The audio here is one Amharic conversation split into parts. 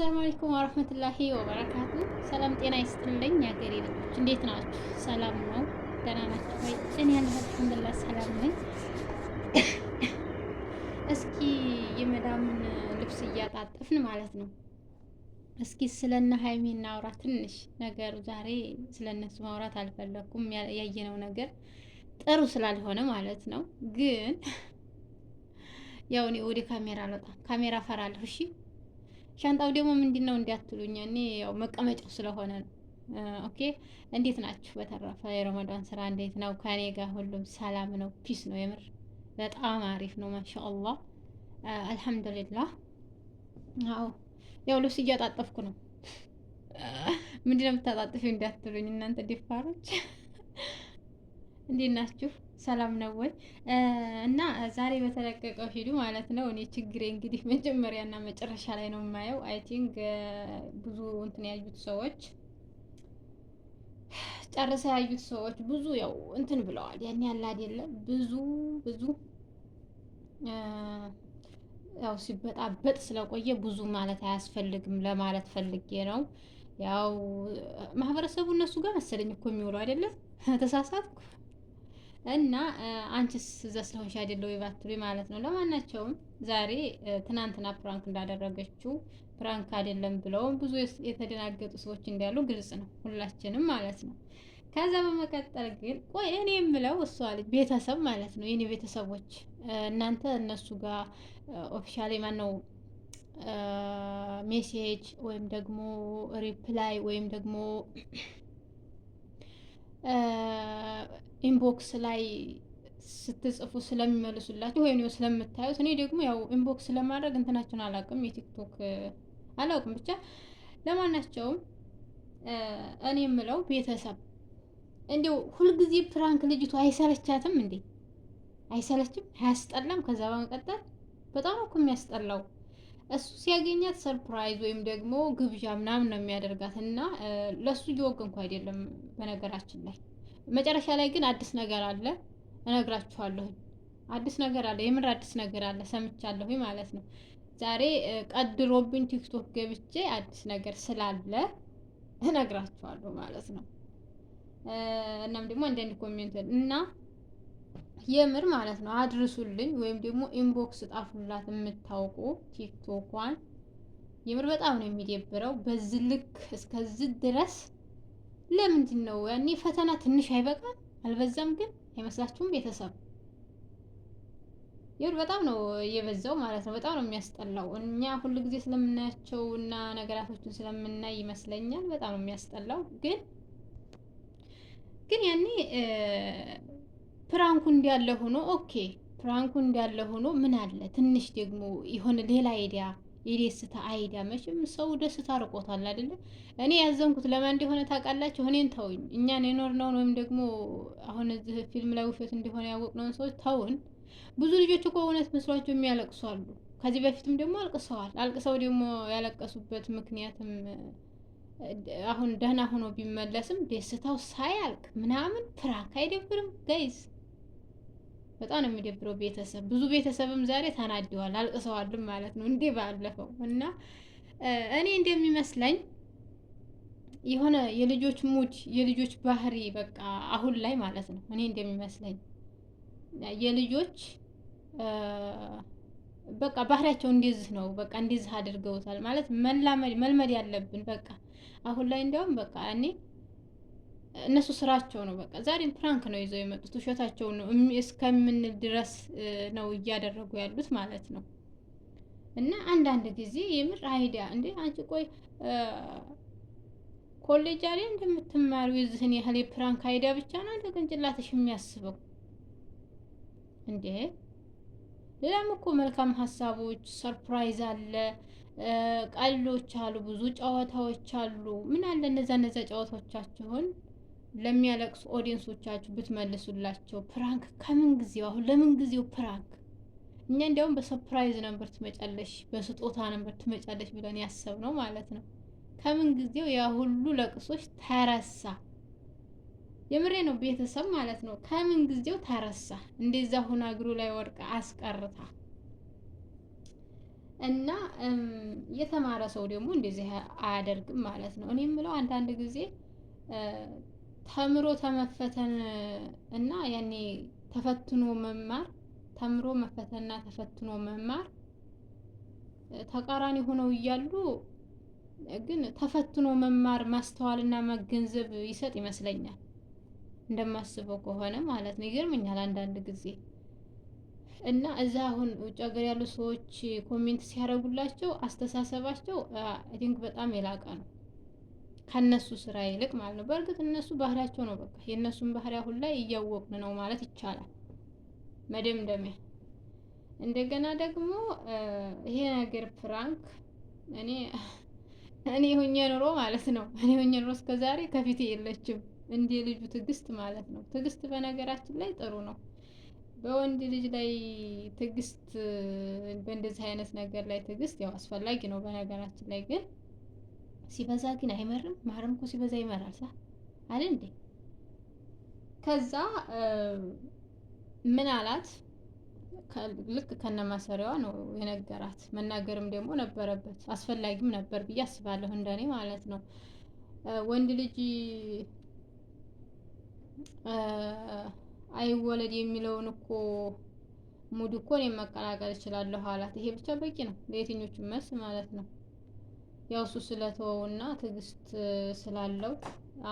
አሰላሙ አለይኩም ወራህመቱላሂ ወበረካቱ። ሰላም ጤና ይስጥልኝ የሀገሬ ልጆች እንዴት ናችሁ? ሰላም ነው? ደህና ናችሁ ወይ? እኔ ያለሁ አልሐምዱሊላህ ሰላም ነኝ። እስኪ የመዳምን ልብስ እያጣጠፍን ማለት ነው። እስኪ ስለነ ሀይሚ እናውራ ትንሽ ነገሩ። ዛሬ ስለነሱ ማውራት አልፈለኩም፣ ያየነው ነገር ጥሩ ስላልሆነ ማለት ነው። ግን ያው እኔ ወደ ካሜራ አልወጣም፣ ካሜራ እፈራለሁ። እሺ ሻንጣው ደግሞ ምንድን ነው እንዲያትሉኝ፣ እኔ ያው መቀመጫው ስለሆነ ነው። ኦኬ፣ እንዴት ናችሁ? በተረፈ የረመዳን ስራ እንዴት ነው? ከኔ ጋር ሁሉም ሰላም ነው፣ ፒስ ነው። የምር በጣም አሪፍ ነው። ማሻአላህ አልሐምዱሊላህ። አዎ፣ ያው ልብስ እያጣጠፍኩ ነው። ምንድን ነው የምታጣጥፊው እንዳትሉኝ እናንተ ደፋሮች። እንዴት ናችሁ? ሰላም ነው ወይ? እና ዛሬ በተለቀቀው ሂዱ ማለት ነው። እኔ ችግሬ እንግዲህ መጀመሪያና መጨረሻ ላይ ነው የማየው። አይ ቲንክ ብዙ እንትን ያዩት ሰዎች ጨርሰ ያዩት ሰዎች ብዙ ያው እንትን ብለዋል። ያን ያለ አይደለም ብዙ ብዙ ያው ሲበጣበጥ ስለቆየ ብዙ ማለት አያስፈልግም ለማለት ፈልጌ ነው። ያው ማህበረሰቡ እነሱ ጋር መሰለኝ እኮ የሚውለው አይደለም። ተሳሳትኩ። እና አንቺስ እዛ ስለሆንሽ አይደለው ይባትሉ ማለት ነው። ለማናቸውም ዛሬ ትናንትና ፕራንክ እንዳደረገችው ፕራንክ አይደለም ብለው ብዙ የተደናገጡ ሰዎች እንዳሉ ግልጽ ነው፣ ሁላችንም ማለት ነው። ከዛ በመቀጠል ግን ቆይ እኔ የምለው እሷ ልጅ ቤተሰብ ማለት ነው የኔ ቤተሰቦች እናንተ እነሱ ጋር ኦፊሻል ማን ነው ሜሴጅ ወይም ደግሞ ሪፕላይ ወይም ደግሞ ኢንቦክስ ላይ ስትጽፉ ስለሚመልሱላችሁ ወይም ስለምታዩት እኔ ደግሞ ያው ኢንቦክስ ለማድረግ እንትናችሁን አላውቅም፣ የቲክቶክ አላውቅም። ብቻ ለማናቸውም እኔ የምለው ቤተሰብ እንዲው ሁልጊዜ ፕራንክ ልጅቱ አይሰለቻትም እንዴ? አይሰለችም? አያስጠላም? ከዛ በመቀጠል በጣም እኮ የሚያስጠላው እሱ ሲያገኛት ሰርፕራይዝ ወይም ደግሞ ግብዣ ምናምን ነው የሚያደርጋት እና ለእሱ እየወገንኩ አይደለም በነገራችን ላይ መጨረሻ ላይ ግን አዲስ ነገር አለ እነግራችኋለሁ። አዲስ ነገር አለ፣ የምር አዲስ ነገር አለ ሰምቻለሁ ማለት ነው። ዛሬ ቀድሮብኝ ቲክቶክ ገብቼ አዲስ ነገር ስላለ እነግራችኋለሁ ማለት ነው። እናም ደግሞ አንዳንድ ኮሜንት እና የምር ማለት ነው አድርሱልኝ፣ ወይም ደግሞ ኢንቦክስ ጣፉላት የምታውቁ ቲክቶኳን። የምር በጣም ነው የሚደብረው በዚህ ልክ እስከዚህ ድረስ ለምንድን ነው ያኔ ፈተና ትንሽ አይበቃ አልበዛም? ግን አይመስላችሁም? ቤተሰብ ይሁን በጣም ነው የበዛው ማለት ነው። በጣም ነው የሚያስጠላው። እኛ ሁል ጊዜ ስለምናያቸው እና ነገራቶችን ስለምናይ ይመስለኛል በጣም ነው የሚያስጠላው። ግን ግን ያኔ ፕራንኩ እንዲያለ ሆኖ ኦኬ፣ ፕራንኩ እንዲያለ ሆኖ ምን አለ ትንሽ ደግሞ የሆነ ሌላ አይዲያ የደስታ አይዳ መቼም ሰው ደስታ ርቆታል አይደለ? እኔ ያዘንኩት ለማን እንደሆነ ታውቃላችሁ? እኔን ተውኝ። እኛን የኖርነውን ወይም ደግሞ አሁን እዚህ ፊልም ላይ ውሸት እንደሆነ ያወቅነውን ሰዎች ተውን። ብዙ ልጆች እኮ እውነት መስሏቸው የሚያለቅሱ አሉ። ከዚህ በፊትም ደግሞ አልቅሰዋል። አልቅሰው ደግሞ ያለቀሱበት ምክንያትም አሁን ደህና ሆኖ ቢመለስም ደስታው ሳያልቅ ምናምን ፕራንክ አይደብርም ጋይስ? በጣም ነው የሚደብረው ቤተሰብ። ብዙ ቤተሰብም ዛሬ ተናደዋል፣ አልቅሰዋልም ማለት ነው እንዴ ባለፈው እና እኔ እንደሚመስለኝ የሆነ የልጆች ሙድ የልጆች ባህሪ በቃ አሁን ላይ ማለት ነው እኔ እንደሚመስለኝ የልጆች በቃ ባህሪያቸው እንደዚህ ነው። በቃ እንደዚህ አድርገውታል ማለት መላመድ መልመድ ያለብን በቃ አሁን ላይ እንዲያውም በቃ እኔ እነሱ ስራቸው ነው። በቃ ዛሬም ፕራንክ ነው ይዘው የመጡት ውሸታቸው ነው እስከምንል ድረስ ነው እያደረጉ ያሉት ማለት ነው። እና አንዳንድ ጊዜ የምር አይዲያ እንዴ አንቺ ቆይ ኮሌጅ ላይ እንደምትማሩ የዚህን ያህል የፕራንክ አይዲያ ብቻ ነው እንደ ቅንጭላትሽ የሚያስበው እንዴ? ሌላም እኮ መልካም ሀሳቦች፣ ሰርፕራይዝ አለ፣ ቀልዶች አሉ፣ ብዙ ጨዋታዎች አሉ። ምን አለ እነዛ እነዛ ጨዋታዎቻችሁን ለሚያለቅሱ ኦዲየንሶቻችሁ ብትመልሱላቸው። ፕራንክ ከምን ጊዜው አሁን ለምን ጊዜው ፕራንክ እኛ እንዲያውም በሰፕራይዝ ነበር ትመጫለሽ፣ በስጦታ ነበር ትመጫለሽ ብለን ያሰብ ነው ማለት ነው። ከምን ጊዜው ያ ሁሉ ለቅሶች ተረሳ። የምሬ ነው ቤተሰብ ማለት ነው። ከምን ጊዜው ተረሳ። እንደዛ ሁና እግሩ ላይ ወድቃ አስቀርታ እና የተማረ ሰው ደግሞ እንደዚህ አያደርግም ማለት ነው። እኔ የምለው አንዳንድ ጊዜ ተምሮ ተመፈተን እና ያኔ ተፈትኖ መማር ተምሮ መፈተንና ተፈትኖ መማር ተቃራኒ ሆነው እያሉ ግን ተፈትኖ መማር ማስተዋልና መገንዘብ ይሰጥ ይመስለኛል። እንደማስበው ከሆነ ማለት ነው። ይገርመኛል አንዳንድ ጊዜ እና እዛ አሁን ውጭ ሀገር ያሉ ሰዎች ኮሜንት ሲያደርጉላቸው አስተሳሰባቸው አይ ቲንክ በጣም የላቀ ነው። ከነሱ ስራ ይልቅ ማለት ነው። በእርግጥ እነሱ ባህሪያቸው ነው። በቃ የእነሱን ባህሪ አሁን ላይ እያወቅን ነው ማለት ይቻላል። መደምደሚያ እንደገና ደግሞ ይሄ ነገር ፕራንክ እኔ እኔ ሆኜ ኑሮ ማለት ነው። እኔ ሆኜ ኑሮ ዛሬ ከፊቴ የለችም። እንዴ ልጁ ትዕግስት ማለት ነው። ትዕግስት በነገራችን ላይ ጥሩ ነው። በወንድ ልጅ ላይ ትዕግስት፣ በእንደዚህ አይነት ነገር ላይ ትዕግስት ያው አስፈላጊ ነው በነገራችን ላይ ግን ሲበዛ ግን አይመርም። ማርም እኮ ሲበዛ ይመራል። ሳ አለ እንዴ? ከዛ ምን አላት? ልክ ከነማሰሪያዋ ነው የነገራት። መናገርም ደግሞ ነበረበት አስፈላጊም ነበር ብዬ አስባለሁ፣ እንደኔ ማለት ነው። ወንድ ልጅ አይወለድ የሚለውን እኮ ሙድ እኮ እኔም መቀላቀል እችላለሁ አላት። ይሄ ብቻ በቂ ነው ለየትኞቹ መስ ማለት ነው። ያው እሱ ስለተወው እና ትዕግስት ስላለው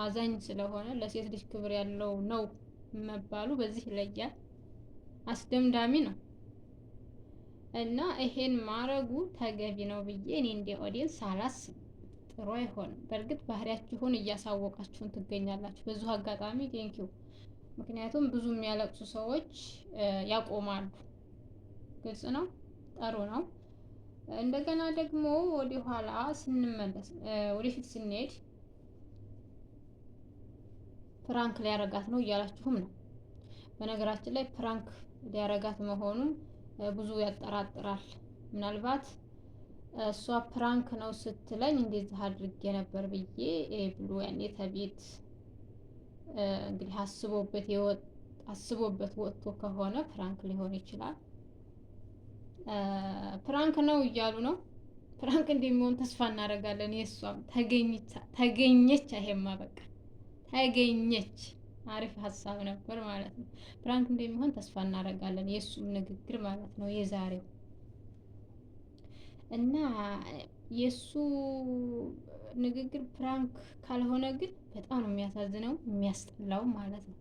አዛኝ ስለሆነ ለሴት ልጅ ክብር ያለው ነው መባሉ በዚህ ይለያል። አስደምዳሚ ነው እና ይሄን ማረጉ ተገቢ ነው ብዬ እኔ እንደ ኦዲየንስ ሳላስ ጥሩ አይሆንም። በእርግጥ ባህሪያችሁን እያሳወቃችሁን ትገኛላችሁ። በዚሁ አጋጣሚ ቴንኪው። ምክንያቱም ብዙ የሚያለቅሱ ሰዎች ያቆማሉ። ግልጽ ነው። ጥሩ ነው። እንደገና ደግሞ ወደኋላ ስንመለስ ወደፊት ስንሄድ ፕራንክ ሊያረጋት ነው እያላችሁም ነው። በነገራችን ላይ ፕራንክ ሊያረጋት መሆኑ ብዙ ያጠራጥራል። ምናልባት እሷ ፕራንክ ነው ስትለኝ እንደዚህ አድርጌ ነበር ብዬ ብሎ ያኔ ተቤት እንግዲህ አስቦበት አስቦበት ወጥቶ ከሆነ ፕራንክ ሊሆን ይችላል። ፕራንክ ነው እያሉ ነው። ፕራንክ እንደሚሆን ተስፋ እናደርጋለን። የእሷም ተገኘች። አይሄማ በቃ ተገኘች። አሪፍ ሀሳብ ነበር ማለት ነው። ፕራንክ እንደሚሆን ተስፋ እናደርጋለን። የእሱም ንግግር ማለት ነው የዛሬው እና የእሱ ንግግር ፕራንክ ካልሆነ ግን በጣም ነው የሚያሳዝነው የሚያስጠላው ማለት ነው።